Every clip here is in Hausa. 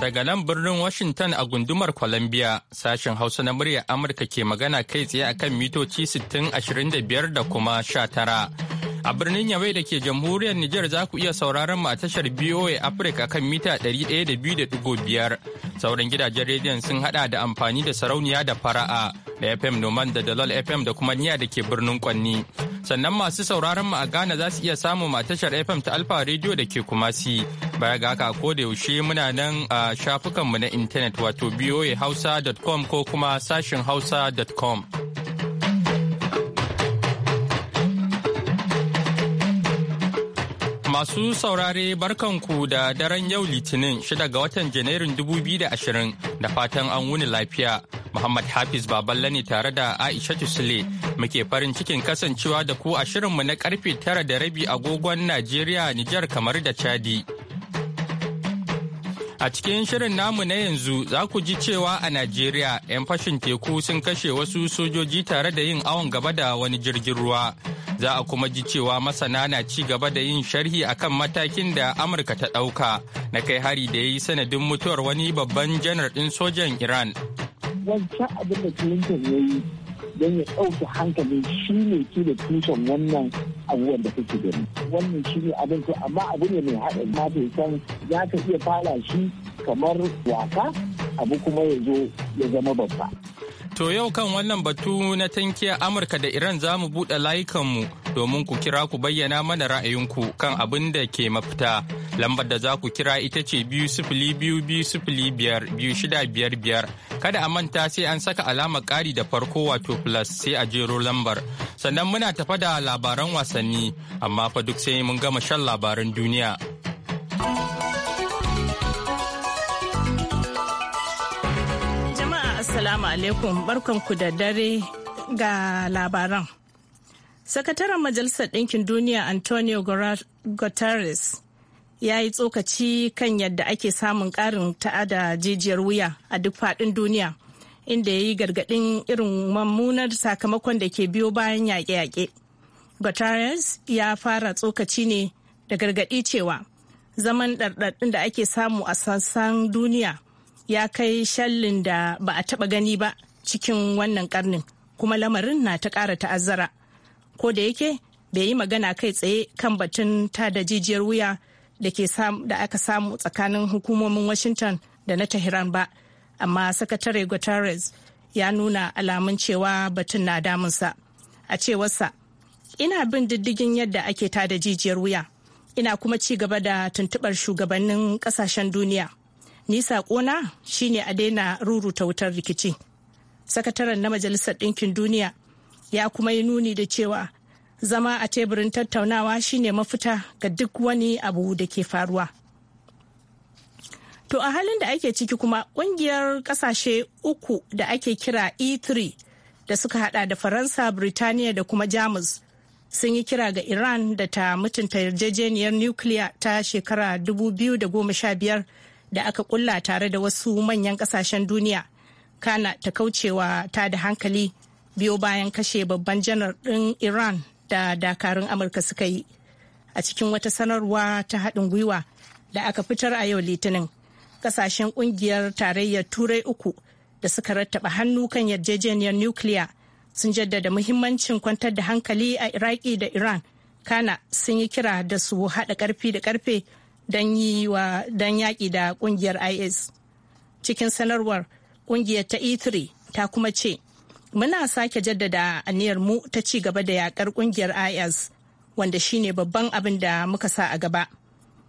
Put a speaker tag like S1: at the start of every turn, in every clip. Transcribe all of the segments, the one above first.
S1: Daga nan birnin Washington a gundumar Columbia, sashen Hausa na muryar Amurka ke magana kai tsaye akan mitoci 25 da kuma 19. A birnin Yamai da ke jamhuriyar Nijar za ku iya sauraron mu a tashar BOA Africa kan mita 102.5. Sauran gidajen rediyon sun hada da amfani da sarauniya da fara'a da FM Noman da Dalal FM da kuma Niya da ke birnin Kwanni. Sannan masu sauraron mu a Ghana za su iya samun a tashar FM ta Alfa Radio da ke Kumasi. Baya ga haka ko da yaushe muna nan a shafukanmu na intanet wato boahausa.com ko kuma sashin hausa.com. Masu saurare barkanku da daren yau Litinin shida ga watan Janairun 2020 da da fatan an wuni lafiya. Muhammad Hafiz Baballe ne tare da Aisha Sule muke farin cikin kasancewa da ku a mu na karfe tara da rabi agogon Najeriya, Nijar kamar da Chadi. A cikin shirin namu na yanzu za ku ji cewa a Najeriya 'yan fashin teku sun kashe wasu sojoji tare da yin awon gaba da wani jirgin ruwa. Za a kuma ji cewa masana na ci gaba da yin sharhi akan matakin da Amurka ta ɗauka na kai hari da ya yi sanadin mutuwar wani babban janar ɗin sojan Iran.
S2: Wancan abin da Clinton ya don ya ɗauki hankali shi ne ke da tushen wannan abubuwan da kake gani. Wannan shi ne abin to amma abu ne mai haɗa mata san ya ka iya fara shi kamar waka abu kuma ya zo ya zama babba.
S1: To yau kan wannan batu na tankiyar Amurka da Iran za mu buɗe layukanmu domin ku kira ku bayyana mana ra'ayinku kan abin da ke mafita. Lambar da za ku kira ita ce biyu sifili biyu biyu sifili biyar biyu shida biyar biyar. Kada a manta sai an saka alamar ƙari da farko wato plus sai a jero lambar. Sannan muna tafa da labaran wasanni amma fa duk sai mun gama shan labaran duniya.
S3: alaikum barkanku da dare ga labaran. Sakataren Majalisar Ɗinkin Duniya Antonio Guterres ya yi tsokaci kan yadda ake samun ƙarin ta'ada jijiyar wuya a duk faɗin duniya, inda ya yi gargaɗin irin mummunar sakamakon da ke biyo bayan yaƙe-yaƙe. Guterres ya fara tsokaci ne da gargaɗi cewa zaman ɗarɗarɗin da ake samu a sassan duniya ya kai shallin da ba a taɓa gani ba cikin wannan karnin kuma lamarin na ta ƙara ta'azzara ko da yake bai yi magana kai tsaye kan batun ta jijiyar wuya da aka samu tsakanin hukumomin washington da na tehran ba amma sakatare guterres ya nuna alamun cewa batun na damunsa a cewarsa ina bin diddigin yadda ake tada jijiyar wuya ina kuma ci gaba da tuntubar shugabannin kasashen duniya ni sakona shine a daina ruruta wutar rikici sakataren na majalisar ɗinkin duniya ya kuma yi nuni da cewa zama a teburin tattaunawa shine mafita ga duk wani abu da ke faruwa to a halin da ake ciki kuma ƙungiyar ƙasashe uku da ake kira e3 da suka hada da faransa birtaniya da kuma jamus sun yi kira ga iran da ta mutunta yarjejeniyar nukiliya ta shekara 2015 da aka kulla tare da wasu manyan kasashen duniya kana ta kaucewa ta da hankali biyo bayan kashe babban janar ɗin iran da dakarun amurka suka yi a cikin wata sanarwa ta haɗin gwiwa da aka fitar a yau litinin kasashen ƙungiyar tarayyar turai uku da suka rattaba hannu kan yarjejeniyar nukiliya sun jaddada muhimmancin kwantar da hankali a iraki da iran kana sun yi kira da su haɗa ƙarfi da ƙarfe don yi wa don yaƙi da ƙungiyar is cikin sanarwar ƙungiyar ta e3 ta kuma ce muna sake jaddada aniyar mu ta ci gaba da yaƙar ƙungiyar is wanda shine babban abin da muka sa a gaba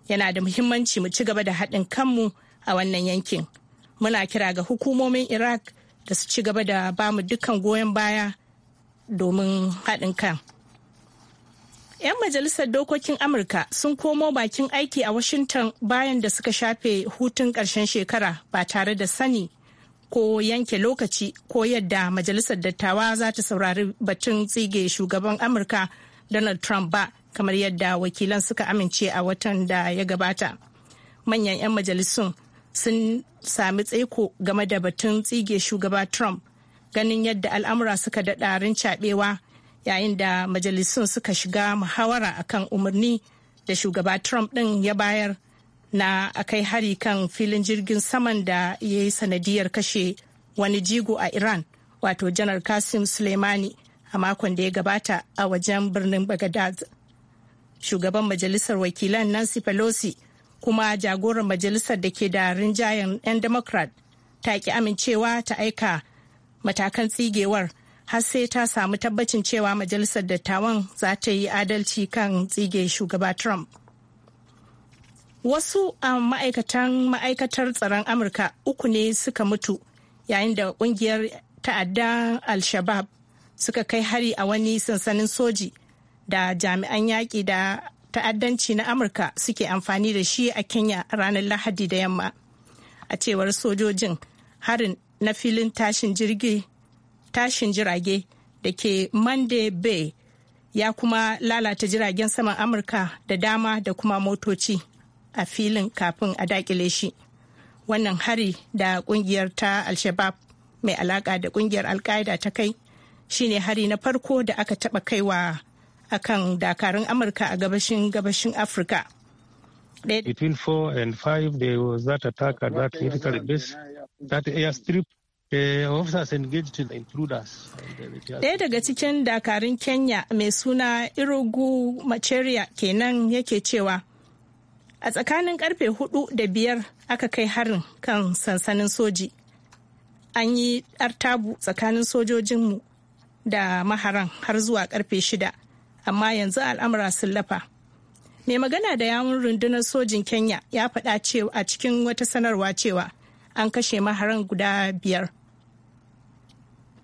S3: yana da muhimmanci mu ci gaba da haɗin kanmu a wannan yankin muna kira ga hukumomin iraq da su ci gaba da bamu dukkan goyon baya domin haɗin kan 'Yan majalisar dokokin Amurka sun komo bakin aiki a Washington bayan da suka shafe hutun karshen shekara ba tare da sani ko yanke lokaci ko yadda majalisar dattawa za ta saurari batun tsige shugaban Amurka Donald Trump ba kamar yadda wakilan suka amince a watan da ya gabata. Manyan 'yan majalisun sun sami tsaiko game da batun tsige shugaba Trump ganin yadda al'amura suka daɗa rincaɓewa yayin da majalisun suka shiga muhawara a kan umarni da shugaba trump din ya bayar na akai hari kan filin jirgin saman da ya yi sanadiyar kashe wani jigo a iran wato janar kasim suleimani a makon da ya gabata a wajen birnin baghdad shugaban majalisar wakilan nancy pelosi kuma jagoran majalisar da ke da rinjayen 'yan democrat ta ki amincewa ta aika matakan tsigewar har sai ta samu tabbacin cewa majalisar dattawan za ta yi adalci kan tsige shugaba Trump. Wasu a um, ma'aikatan ma'aikatar tsaron Amurka uku ne suka mutu yayin da kungiyar ta'adda al suka kai hari a wani sansanin soji da jami'an yaƙi da ta'addanci na Amurka suke amfani da shi a Kenya ranar Lahadi da yamma. A cewar sojojin harin na filin tashin jirgi tashin jirage da ke Monday Bay ya kuma lalata jiragen saman Amurka da dama da kuma motoci a filin kafin a dakile shi. Wannan hari da kungiyar ta Al-Shabaab mai alaka da kungiyar al ta kai shi ne hari na farko da aka taba kaiwa a kan dakarun Amurka a gabashin gabashin Afirka.
S4: Between 4 and 5 there was that attack at that military base, that airstrip Eh, Ɗaya
S3: daga cikin dakarun Kenya mai suna Irogu Macheria kenan yake cewa a tsakanin karfe hudu da biyar aka kai harin kan sansanin soji. An yi artabu tsakanin sojojinmu da maharan har zuwa karfe shida, amma yanzu al'amura sun lafa. Mai magana da yawun rundunar sojin Kenya ya faɗa a cikin wata sanarwa cewa an kashe maharan guda biyar.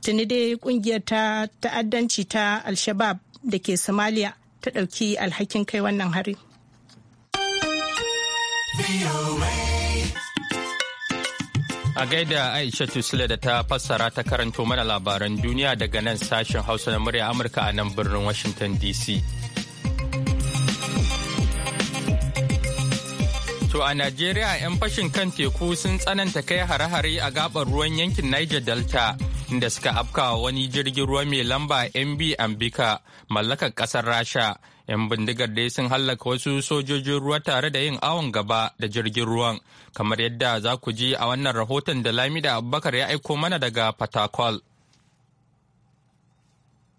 S3: Litini dai kungiyar ta ta'addanci ta alshabab da ke somalia ta ɗauki alhakin kai wannan hari
S1: a gaida aisha tusila da ta fassara ta karanto mana labaran duniya daga nan sashen hausa na murya amurka a nan birnin washington dc To a Najeriya 'yan fashin kan teku sun tsananta kai hare-hare a gabar ruwan yankin Niger Delta inda suka afkawa wani jirgin ruwa mai lamba MB Ambika mallakar kasar Rasha. 'Yan bindigar dai sun hallaka wasu sojojin ruwa tare da yin awon gaba da jirgin ruwan kamar yadda za ku ji a wannan rahoton da Lamida Abubakar ya aiko mana daga Fatakwal.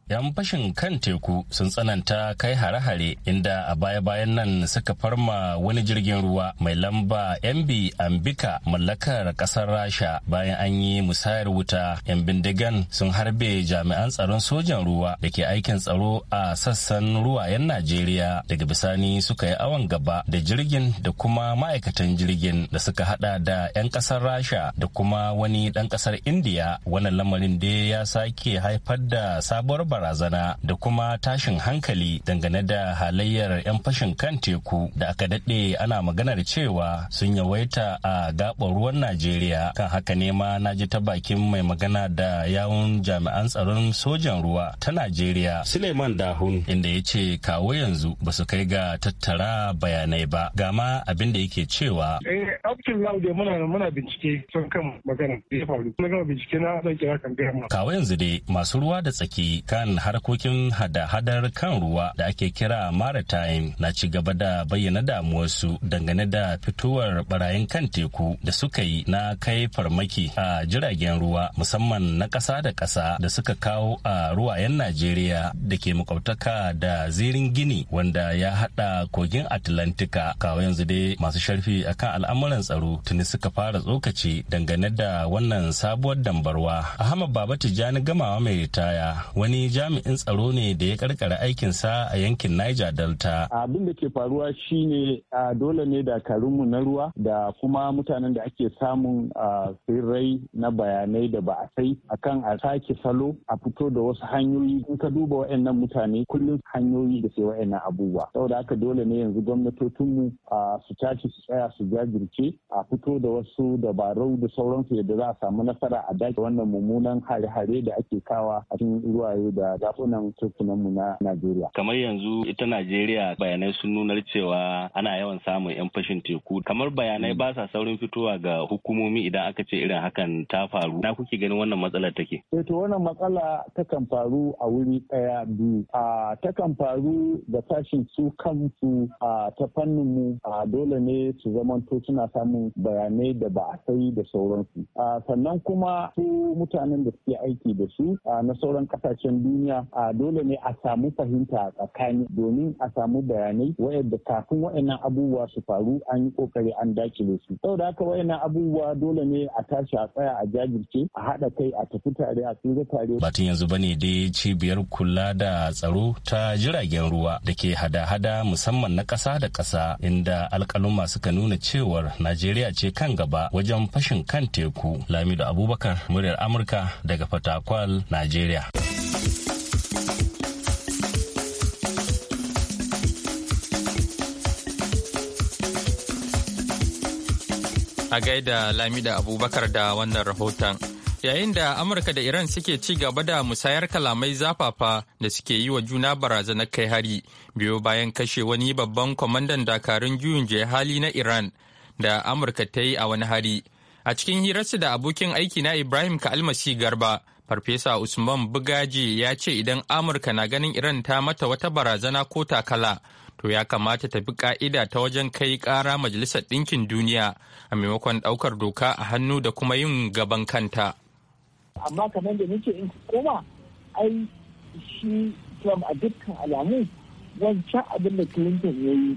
S5: 'yan fashin kan teku sun tsananta kai hare-hare inda a baya-bayan nan suka farma wani jirgin ruwa mai lamba yan mb ambika mallakar kasar rasha bayan an yi musayar wuta 'yan bindigan sun harbe jami'an tsaron sojan ruwa da ke aikin tsaro a sassan yan najeriya daga bisani suka yi awon gaba da jirgin da kuma ma'aikatan jirgin da suka hada da 'yan kasar rasha da kuma wani dan kasar indiya wannan lamarin da ya sake haifar da sabuwar barazana da kuma tashin hankali dangane da halayyar 'yan fashin kan teku da aka daɗe ana maganar cewa sun yawaita a gaɓar ruwan najeriya kan haka ne ma na ji ta bakin mai magana da yawun jami'an tsaron sojan ruwa ta najeriya suleiman dahun inda ya ce kawo yanzu ba su kai ga tattara bayanai ba ga ma abin da yake cewa
S4: eh, muna
S5: kawo yanzu dai masu ruwa da tsaki kan kan harkokin hada-hadar kan ruwa da ake kira maritime na ci gaba da bayyana damuwarsu dangane da fitowar barayin kan teku da suka yi na kai farmaki a jiragen ruwa musamman na ƙasa da ƙasa da suka kawo a ruwayen najeriya da ke makwabtaka da zirin gini wanda ya hada kogin atlantika kawo yanzu dai masu sharfi akan al'amuran tsaro tuni suka fara tsokaci dangane da wannan sabuwar dambarwa ahmad baba tijjani gamawa mai ritaya wani jami'in tsaro ne da ya karkara aikinsa a yankin Niger Delta.
S4: Abin da ke faruwa shine dole ne dakarunmu na ruwa da
S2: kuma mutanen da ake samun tsirrai na bayanai da ba a sai akan a sake salo a fito da wasu hanyoyi in ka duba wa'annan mutane kullum hanyoyi da sai wa'annan abubuwa. Saboda haka dole ne yanzu gwamnatocinmu su tashi su tsaya su jajirce a fito da wasu dabarau da sauransu yadda za a samu nasara a dace wannan mummunan hare-hare da ake kawa a cikin ruwaye da da dakunan mu na Najeriya.
S5: Kamar yanzu ita Najeriya bayanai sun nunar cewa ana yawan samun 'yan fashin teku. Kamar bayanai mm. ba sa saurin fitowa ga hukumomi idan aka ce irin hakan ta faru. Na kuke ganin wannan matsalar take?
S2: Eh to wannan matsala takan faru a wuri ɗaya biyu. A takan faru da sashin su kansu a ta fannin mu a dole ne su zamanto suna samun bayanai da ba a sai da sauransu. a Sannan kuma su mutanen da suke aiki da su na sauran kasashen biyu. duniya a dole ne a samu fahimta a tsakani domin a samu bayanai wayanda kafin wayannan abubuwa su faru an yi kokari an dakile su saboda haka wayannan abubuwa dole ne a tashi a tsaya a jajirce a haɗa kai a tafi tare a
S5: tsira tare batun yanzu bane dai cibiyar kula da tsaro ta jiragen ruwa da ke hada-hada musamman na ƙasa da ƙasa inda alƙaluma suka nuna cewar najeriya ce kan gaba wajen fashin kan teku lamido abubakar muryar amurka daga fatakwal najeriya
S1: A gaida Lamida Abubakar da wannan rahoton. Yayin da Amurka da Iran suke ci gaba da musayar kalamai zafafa da suke yi wa juna barazanar kai hari, biyo bayan kashe wani babban kwamandan dakarun juyin hali na Iran da Amurka ta yi a wani hari. A cikin hirarsu da abokin aiki na Ibrahim Ka'almasi Garba, Farfesa Usman Bugaji ya ce idan Amurka na ganin Iran ta mata wata barazana ko takala. to ya kamata ta bi ka'ida ta wajen kai ƙara majalisar ɗinkin duniya a maimakon ɗaukar doka a hannu da kuma yin gaban kanta.
S2: Amma kamar da nake in koma ai shi Trump a dukkan alamu wancan abin da Clinton ya yi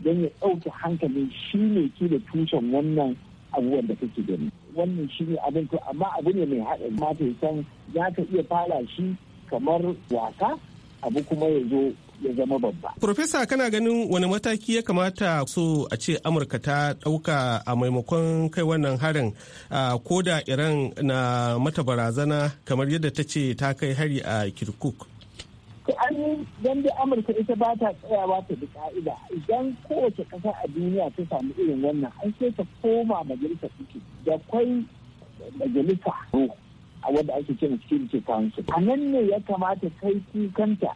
S2: don ya ɗauke hankali shi ne ke da tushen wannan abubuwan da kake gani. Wannan shi ne abin to amma abu ne mai haɗin mata san ya ka iya fara shi kamar wasa abu kuma ya zo ya zama babba.
S4: Profesa kana ganin wani mataki ya kamata so a ce Amurka ta ɗauka a maimakon kai wannan harin ko da Iran na mata barazana kamar yadda ta ce ta kai hari a Kirkuk.
S2: an da amurka ita ba ta tsayawa ta bi ka'ida idan kowace ƙasa a duniya ta samu irin wannan an sai ta koma majalisa suke da kwai majalisa a wadda ake cikin cikin kansu. a nan ne ya kamata kai kukanta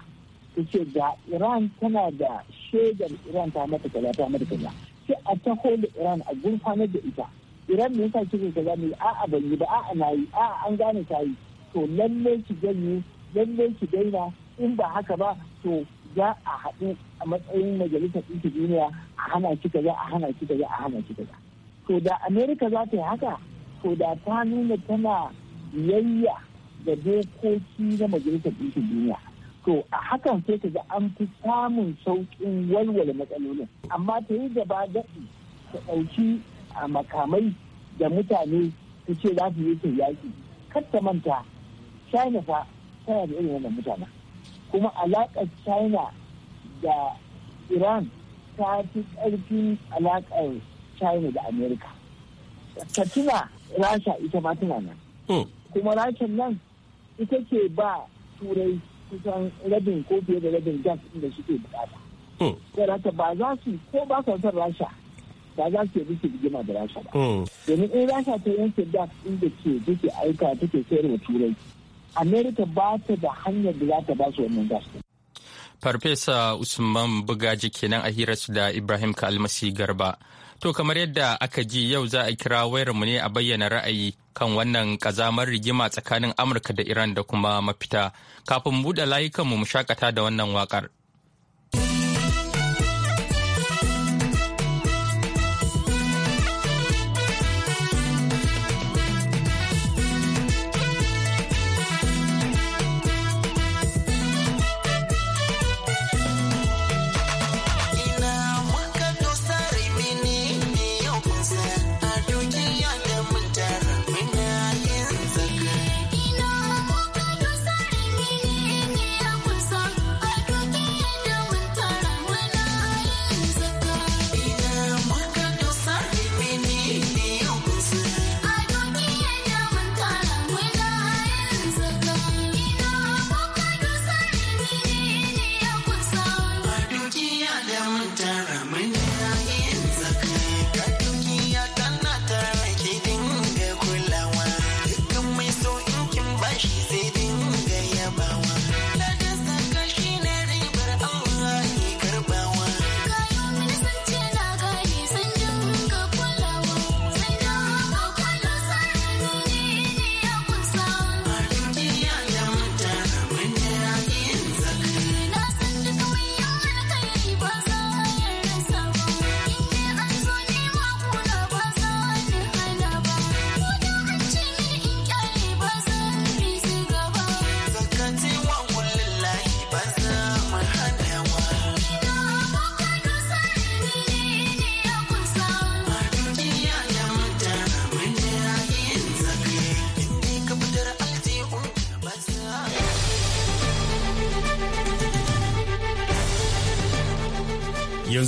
S2: ce da iran tana da shaidar iran ta mata kaza ta mata kaza sai a ta da iran a gurfanar da ita iran ne yasa kike kaza ne a'a ban yi ba a'a na yi a'a an gane ta yi to lalle ki ganye lalle ki daina in ba haka ba to za a haɗu a matsayin majalisar ɗinki duniya a hana ki kaza a hana ki kaza a hana ki kaza to da amerika za ta yi haka to da ta nuna tana biyayya da dokoki na majalisar ɗinki duniya to a hakan sai ka ga an fi samun saukin walwala matsalolin amma ta yi gaba daɗi ta ɗauki a makamai da mutane ta ce za su yi ta yaƙi kar ta manta china fa tana da irin wannan mutane kuma alaƙar china da iran ta fi ƙarfin alaƙar china da america ta tuna rasha ita ma tana nan hmm. kuma rashin nan ita ce ba turai kusan rabin ko fiye da rabin gas inda suke bukata. Hmm. Saboda ba za su ko ba su son Rasha ba za su yi rigima da Rasha ba. Hmm. Domin in Rasha ta yanke gas inda ke duke aika take sayarwa Turai. Amerika ba ta da hanyar da za ta ba su wannan gas.
S1: Farfesa Usman Bugaji kenan a hirarsu da Ibrahim Kalmasi Garba. To kamar yadda aka ji yau za a kira wayarmu ne a bayyana ra'ayi kan wannan kazamar rigima tsakanin Amurka da Iran da kuma mafita. Kafin mu buɗe layukanmu mu shakata da wannan waƙar.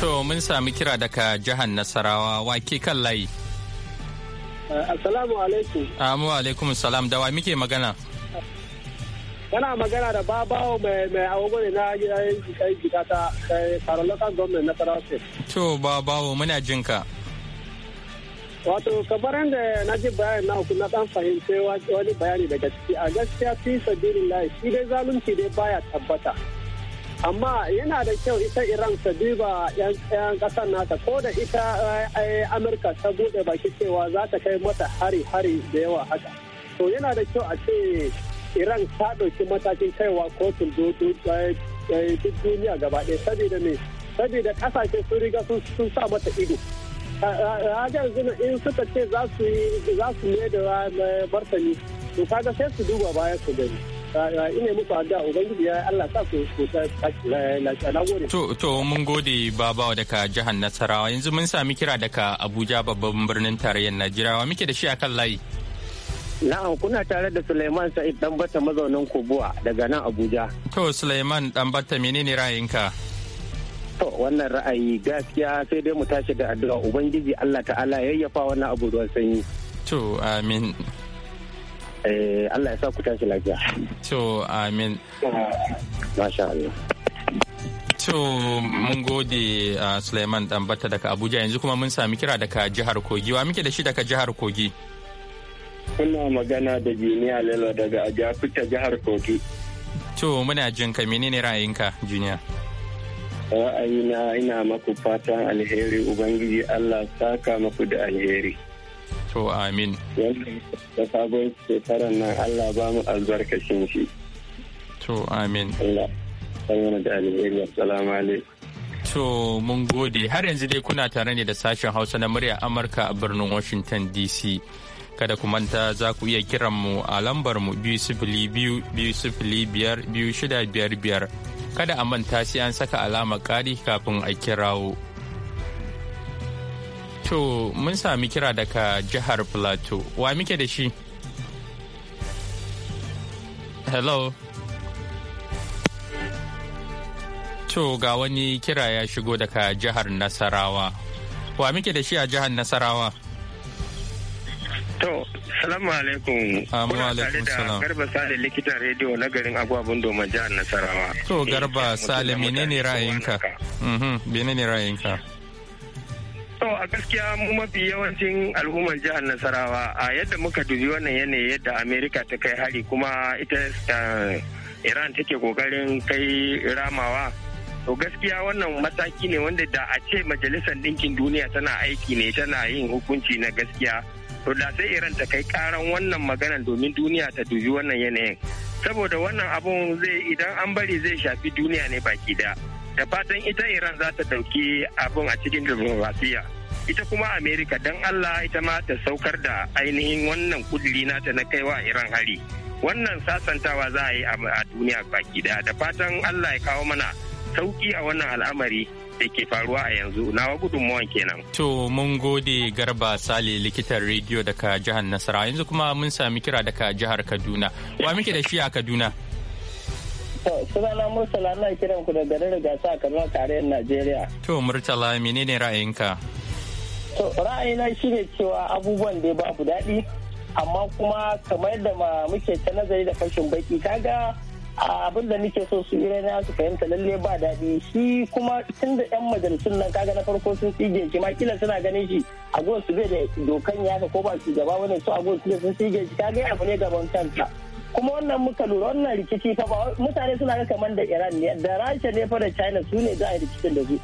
S1: To mun sami kira daga jihar Nasarawa wake kan layi. Eh, assalamu alaikum. Amu alaikum salam wa muke magana.
S4: Yana magana da babawo mai mai agogo ne na kai gida ta kai eh, Karo Local Government na State.
S1: To babawo muna jinka.
S4: Wato kamar yadda na ji bayani na na dan fahimce wani bayani daga ciki a gaskiya fi lai shi dai zalunci dai baya tabbata. amma yana da kyau ita iran ta duba 'yan kasar nata ko da ita eh, eh, amurka ta bude baki cewa za ta kai mata hari-hari da yawa haka to yana da kyau a ce iran ta ɗauki matakin kaiwa kotun eh, duk duniya gaba ɗaya saboda me saboda kasashe sun riga sun sa mata ido hajar zina in suka ce za su ne da martani to kaga sai su duba baya su gani ina muku addu'a ubangiji ya Allah sa ku ta lafiya to
S1: to mun gode babawa daga jihar Nasarawa yanzu mun sami kira daga Abuja babban birnin tarayyar Najeriya muke da shi akan layi
S6: Na'am kuna tare da Suleiman Sa'id Dambata mazaunin Kubuwa daga nan Abuja
S1: to Suleiman Dambata menene ra'ayinka To wannan ra'ayi gaskiya sai dai mu tashi da addu'a
S6: Ubangiji Allah ta'ala yayyafa wannan abu ruwan sanyi.
S1: To amin. Eh, Allah ya sa ku tashi lafiya. To, amin. Masha Allah. To, mun gode ah, Suleiman Dambata daga Abuja yanzu kuma mun sami kira daga jihar Kogi. Wa muke da shi daga jihar Kogi?
S6: Kuna magana da Jiniya Lelo daga Ajakuta jihar Kogi.
S1: To, muna jin ka menene ra'ayinka, Jiniya?
S6: Ra'ayina ina maku fatan alheri Ubangiji Allah saka maku da alheri. To amin. Da sabon shekaran nan Allah ba mu albarkacin shi.
S1: To amin. Allah. To mun gode har yanzu dai kuna tare ne da sashen Hausa na murya Amurka a birnin Washington DC. Kada ku manta za ku iya kiran mu a lambar mu biyu sifili biyu biyu sifili biyar biyu shida biyar biyar. Kada a manta sai an saka alama kari kafin a kirawo. To mun sami kira daga jihar Plateau. Wa muke da shi? Hello. To ga wani kira ya shigo daga jihar Nasarawa. Wa muke da shi a jihar Nasarawa?
S6: To, salamu alaikum.
S1: Amma ah, alaikum salam. Garba
S6: Sale likita rediyo na garin Agwabun domin jihar Nasarawa.
S1: To, eh, Garba Sale menene ra'ayinka? Mhm, menene ra'ayinka?
S6: To a gaskiya mu mafi yawancin al'ummar jihar Nasarawa a yadda muka dubi wannan yanayi yadda Amerika ta kai hari kuma ita Iran take kokarin kai ramawa. To gaskiya wannan mataki ne wanda da a ce majalisar ɗinkin duniya tana aiki ne tana yin hukunci na gaskiya. To da sai Iran ta kai karan wannan maganan domin duniya ta dubi wannan yanayin. Saboda wannan abun zai idan an bari zai shafi duniya ne baki daya. da fatan ita iran za ta ɗauki abin a cikin diplomasiya ita kuma amerika don allah ita ma ta saukar da ainihin wannan kudiri nata na kaiwa iran hari wannan sasantawa za a yi a duniya baki da. da fatan allah ya kawo mana sauki a wannan al'amari da ke faruwa a yanzu nawa gudunmuwan kenan.
S1: To mun gode garba sale likitan rediyo daga jihar nasara yanzu kuma mun sami kira daga jihar Kaduna. Wa muke da shi a Kaduna?
S4: sunana murtala na kiran ku da garin gasa a tarayyar najeriya
S1: to murtala menene ra'ayinka
S4: to ra'ayina shine cewa abubuwan da ya babu daɗi amma kuma kamar da muke ta nazari da fashin baki kaga abin da nake so su irai na su fahimta lalle ba daɗi shi kuma tun da yan majalisun nan kaga na farko sun tsige shi ma kila suna ganin shi a su bai da dokan yaka ko ba shugaba wani su a su sun tsige shi kaga ya abu ne gaban kanta kuma wannan muka lura wannan rikici fa mutane suna ga kamar da Iran ne da Rasha ne fa da China su ne za a yi rikicin da su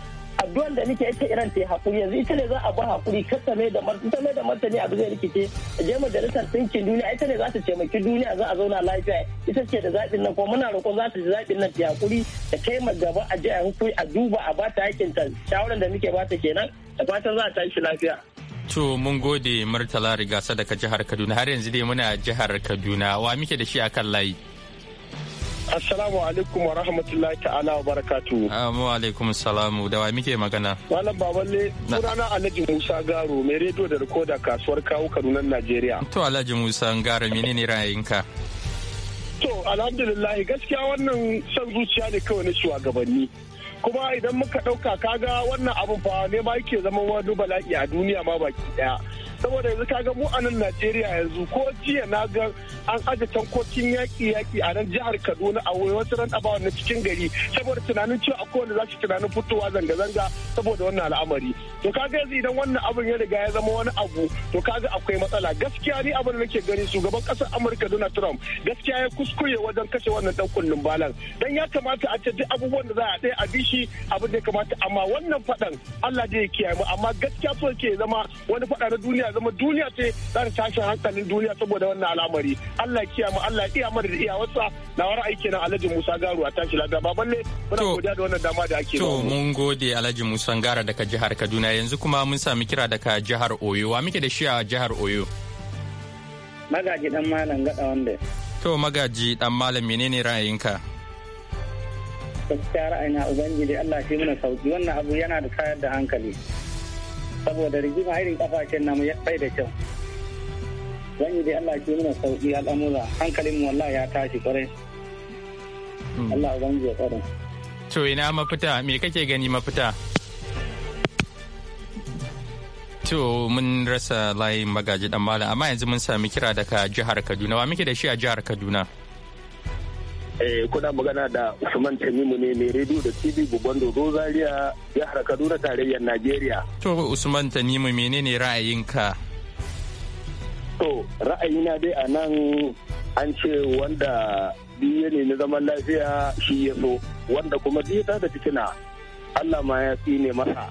S4: abduwan da nake ita Iran ta yi hakuri yanzu ita ne za a ba hakuri kasa da martani a da martani abu zai rikice je majalisar sinkin duniya ita ne za ta taimaki duniya za a zauna lafiya ita ce da zaɓin nan ko muna roƙon za ta ji zaɓin nan ta hakuri da kai gaba a je a hukuri a duba a ba ta hakinta shawaran da muke ba ta kenan da fatan za a tashi
S1: lafiya. To mun gode Murtala Rigasa daga jihar Kaduna har yanzu dai muna jihar Kaduna wa muke da shi akan layi.
S4: Assalamu alaikum wa rahmatullahi ta'ala
S1: wa barakatu. Amu ah, alaikum salamu da wa muke magana.
S4: Malam Baballe sunana Alhaji Musa Garo mai rediyo da rikoda kasuwar kawo Kaduna Najeriya.
S1: To Alhaji Musa Garo menene ra'ayinka?
S4: To alhamdulillah gaskiya wannan son zuciya ne kawai na shugabanni. kuma idan muka ɗauka kaga wannan abun fa ne ma yake zama wani bala'i a duniya ma baki ɗaya saboda yanzu kaga mu a nan Najeriya yanzu ko jiya na ga an aje tankokin yaki yaki a nan jihar Kaduna a wasu ran abawa na cikin gari saboda tunanin cewa akwai wanda za su tunanin fitowa zanga zanga saboda wannan al'amari to kaga yanzu idan wannan abin ya riga ya zama wani abu to kaga akwai matsala gaskiya ni abin da nake gani shugaban kasar Amurka Donald Trump gaskiya ya kuskure wajen kashe wannan dan kullun balan dan ya kamata a ce duk abubuwan da za a ɗaya a bishi abin da ya kamata amma wannan fadan Allah da ya kiyaye mu amma gaskiya so ke zama wani fada na duniya zama duniya ce za ta tashi hankalin duniya saboda wannan al'amari Allah ya kiyama Allah ya iya mana da iyawarsa na wara aiki na Alhaji Musa Garu a tashi lafiya ba balle muna godiya da wannan dama da ake to mun
S1: gode Alhaji Musa Gara daga jihar Kaduna yanzu kuma mun sami kira daga jihar Oyo wa muke da shi a jihar Oyo
S5: magaji dan malam gada wanda
S1: to magaji dan malam menene ra'ayinka
S5: gaskiya ra'ayina ubangiji Allah shi mana sauki wannan abu yana da tayar da hankali saboda
S2: rigima irin kafashen namu ya bai da kyau zan yi dai Allah ke mana sauki al'amura hankalin wallahi ya tashi kwarai hmm. Allah zan ya kwarai
S1: to ina mafita me kake gani mafita To mun rasa layin magaji dan malam amma yanzu mun sami kira daga jihar Kaduna wa muke da shi a jihar Kaduna
S4: Eh, kuna magana da Usman Tamimu ne mai rediyo da TV Bubando Rozaria jihar Kaduna tarayyar Najeriya.
S1: To Usman Tamimu menene ra'ayinka?
S4: To ra'ayina dai a nan an ce wanda biyu ne na zaman lafiya shi ya so wanda kuma biyu ta da fitina Allah ma ya tsine masa.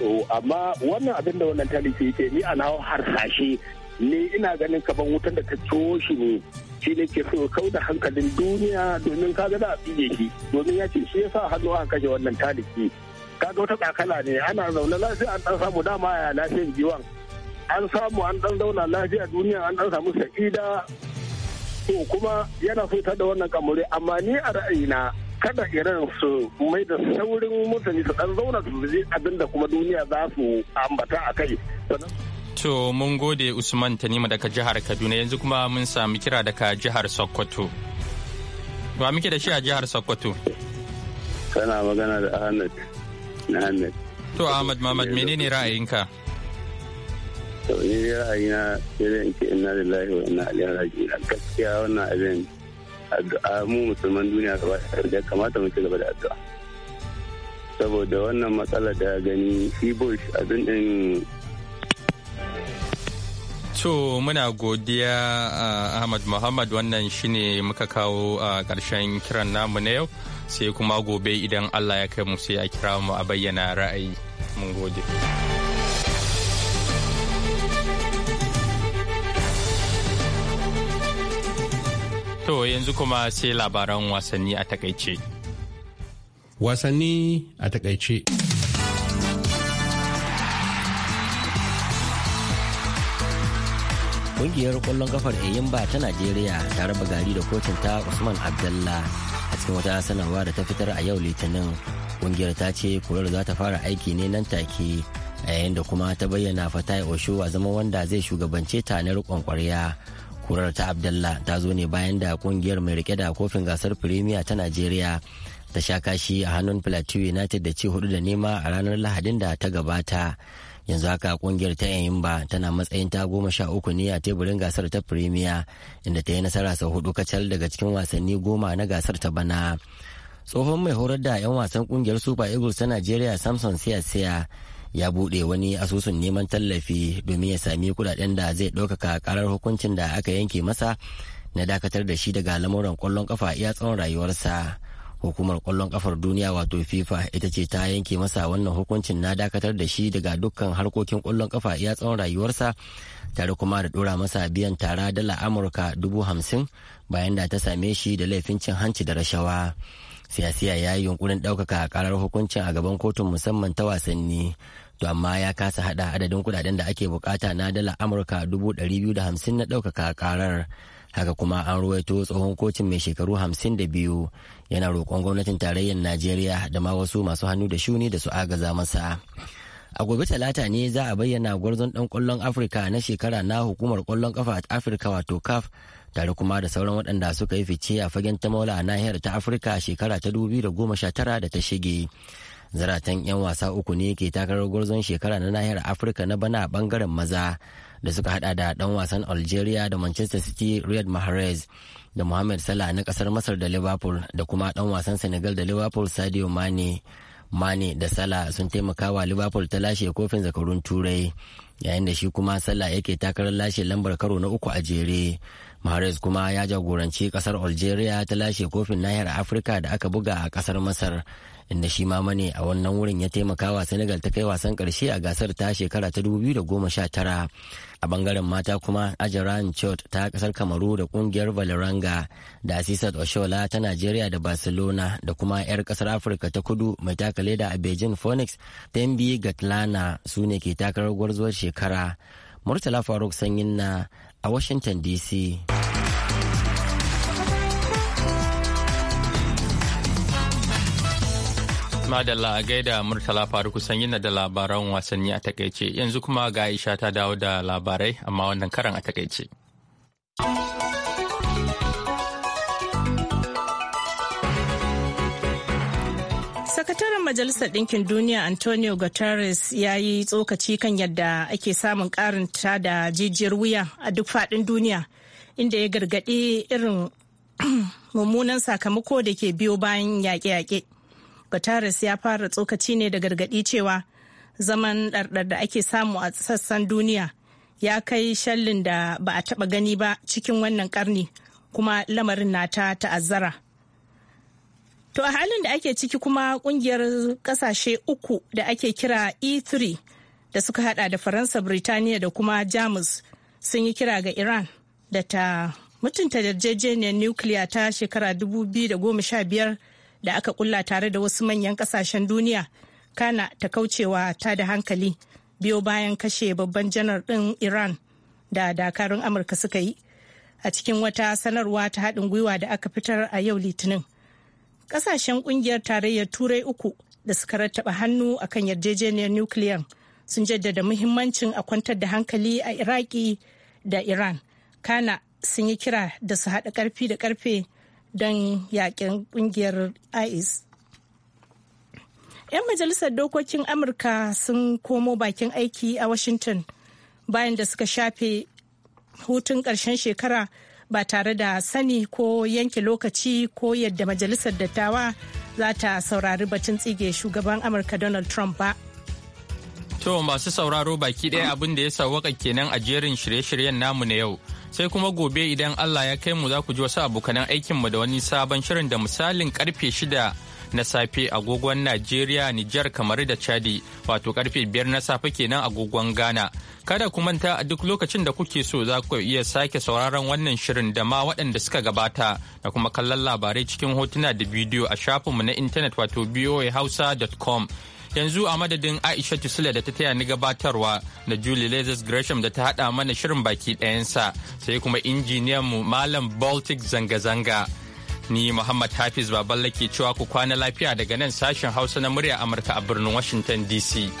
S4: To amma wannan abin da wannan talifi ke ni a nawa harsashe ne ina ganin kaban wutan da ta toshi ne shi ne ke so kau da hankalin duniya domin kaga za a fiye shi domin ya ce shi ya sa hannu aka kashe wannan taliki ka ga wata kakala ne ana zaune lafiya an dan samu dama ya lafiyan jiwon an samu an dan zauna lafiya duniya an dan samu sa'ida to kuma yana fitar da wannan kamure amma ni a ra'ayina kada irin su mai da saurin mutane su dan zauna su abinda abin kuma duniya za su ambata a kai
S1: To mun gode Usman Tanima daga jihar Kaduna yanzu kuma mun sami kira daga jihar Sokoto. Ba muke da shi a jihar Sokoto.
S5: Kana magana da Ahmed na Ahmed.
S1: To Ahmed Mamad menene ra'ayinka?
S5: To ni ra'ayina sai da in ce da lillahi wa aliyar ilaihi na Gaskiya wannan abin addu'a mu musulman duniya gaba da kamata mu ci gaba da addu'a. Saboda wannan matsalar da gani shi Bush abin din
S1: To muna godiya Ahmad Muhammad wannan shine muka kawo a ƙarshen kiran namu na yau sai kuma gobe idan Allah ya kai mu sai a kira mu a bayyana ra'ayi. Mun gode. To yanzu kuma sai labaran wasanni a takaice.
S7: Wasanni a takaice. kungiyar kwallon kafar eyimba ta najeriya ta raba gari da kocin ta usman abdallah a cikin wata sanarwa da ta fitar a yau litinin kungiyar ta ce kurar za ta fara aiki ne nan take a yayin da kuma ta bayyana fatai osho a zama wanda zai shugabance ta na riƙon kwarya kurar ta abdallah ta zo ne bayan da kungiyar mai rike da kofin gasar firimiya ta najeriya ta sha kashi a hannun plateau united da ce hudu da nema a ranar lahadin da ta gabata yanzu haka kungiyar ta yayimba tana matsayin ta goma sha uku ne a teburin gasar ta firimiya inda ta yi nasara sau hudu kacal daga cikin wasanni goma na gasar ta bana tsohon mai horar da 'yan wasan kungiyar super eagles ta nigeria samson siya siya ya buɗe wani asusun neman tallafi domin ya sami kudaden da zai ɗaukaka karar hukuncin da aka yanke masa na dakatar da shi daga lamuran kwallon kafa iya tsawon rayuwarsa hukumar kwallon kafar duniya wato fifa ita ce ta yanke masa wannan hukuncin na dakatar da shi daga dukkan harkokin kwallon kafa ya tsawon rayuwarsa tare kuma da dora masa biyan tara dala amurka dubu hamsin bayan da ta same shi da laifin cin hanci da rashawa siyasiya ya yi yunkurin ɗaukaka karar hukuncin a gaban kotun musamman ta wasanni to amma ya kasa hada adadin kudaden da ake bukata na dala amurka dubu ɗari biyu da hamsin na daukaka karar haka kuma an ruwaito tsohon kocin mai shekaru hamsin da biyu yana roƙon gwamnatin tarayyar najeriya da ma wasu masu hannu da shuni da su agaza masa a gobe talata ne za a bayyana gwarzon dan kwallon afirka na shekara na hukumar kwallon kafa afirka wato caf tare kuma da sauran waɗanda suka yi fice a fagen ta maula a nahiyar ta afirka shekara ta 2019 da ta shige zaratan 'yan wasa uku ne ke takarar gwarzon shekara na nahiyar afirka na bana a bangaren maza da suka hada da dan wasan algeria da manchester city riyad mahrez da mohamed salah na kasar masar da liverpool da kuma dan wasan senegal da liverpool sadio mane mane da salah sun taimakawa wa liverpool ta lashe kofin zakarun turai yayin da shi kuma salah yake takarar lashe lambar karo na uku a jere mahrez kuma ya jagoranci kasar algeria ta lashe kofin nahiyar afirka da aka buga a kasar masar inda shi ma mane a wannan wurin ya taimaka wa senegal ta kai wasan karshe a gasar ta shekara ta 2019 a bangaren mata kuma ajaran chot ta kasar kamaru da kungiyar valeranga da asisat oshola ta nigeria da barcelona da kuma 'yar kasar afirka ta kudu mai taka leda a beijing phoenix tembi gatlana su ne ke takarar gwarzuwar shekara murtala faruk sanyin na a washington dc
S1: Madalla a gaida Murtala Faruku yana da labaran wasanni a takaice yanzu kuma ga Aisha ta dawo da labarai amma wannan karan a takaice.
S3: Sakataren Majalisar Ɗinkin Duniya Antonio Guterres ya yi tsokaci kan yadda ake samun ƙarin ta da jijiyar wuya a duk faɗin duniya inda ya gargaɗi irin mummunan sakamako da ke biyo bayan yaƙe-yaƙe. guterres ya fara tsokaci ne da gargaɗi cewa zaman ɗarɗar da ake samu a sassan duniya ya kai shallin da ba a taɓa gani ba cikin wannan ƙarni kuma lamarin na ta ta'azzara to a halin da ake ciki kuma ƙungiyar ƙasashe uku da ake kira e3 da suka hada da faransa birtaniya da kuma jamus sun yi kira ga iran da ta mutunta yarjejeniyar nukiliya ta shekara 2015 da aka kulla tare da wasu manyan kasashen duniya kana ta kaucewa ta da hankali biyo bayan kashe babban janar ɗin iran da dakarun amurka suka yi a cikin wata sanarwa ta haɗin gwiwa da aka fitar a yau litinin ƙasashen ƙungiyar tarayyar turai uku da suka rattaba hannu a kan yarjejeniyar nukiliyan sun jaddada muhimmancin a kwantar da hankali a iraki da iran kana sun yi kira da su haɗa ƙarfi da ƙarfe don yakin kungiyar is yan majalisar dokokin amurka sun komo bakin aiki a washington bayan da suka shafe hutun ƙarshen shekara ba tare da sani ko yanke lokaci ko yadda majalisar dattawa za ta saurari batun tsige shugaban amurka donald trump ba
S1: to masu sauraro baki ɗaya abin da ya sauwaka kenan a jerin shirye-shiryen namu na yau sai kuma gobe idan Allah ya kai mu za ku ji wasu abokanan mu da wani sabon shirin da misalin karfe shida na safe agogon Najeriya, Nijar, kamar da Chadi, wato karfe biyar na safe kenan agogon Ghana. Kada ku manta a duk lokacin da kuke so za ku iya sake sauraron wannan shirin da ma waɗanda suka gabata da kuma kallon labarai cikin hotuna da bidiyo a shafin mu na intanet wato boyhausa.com. yanzu a madadin aisha tusila da ta taya ni gabatarwa da julie lazarus gresham da ta haɗa mana shirin baki ɗayansa sai kuma injiniyan mu malam baltic zanga-zanga ni muhammad hafiz baballe ke cewa ku kwana lafiya daga nan sashen hausa na murya amurka a birnin washington dc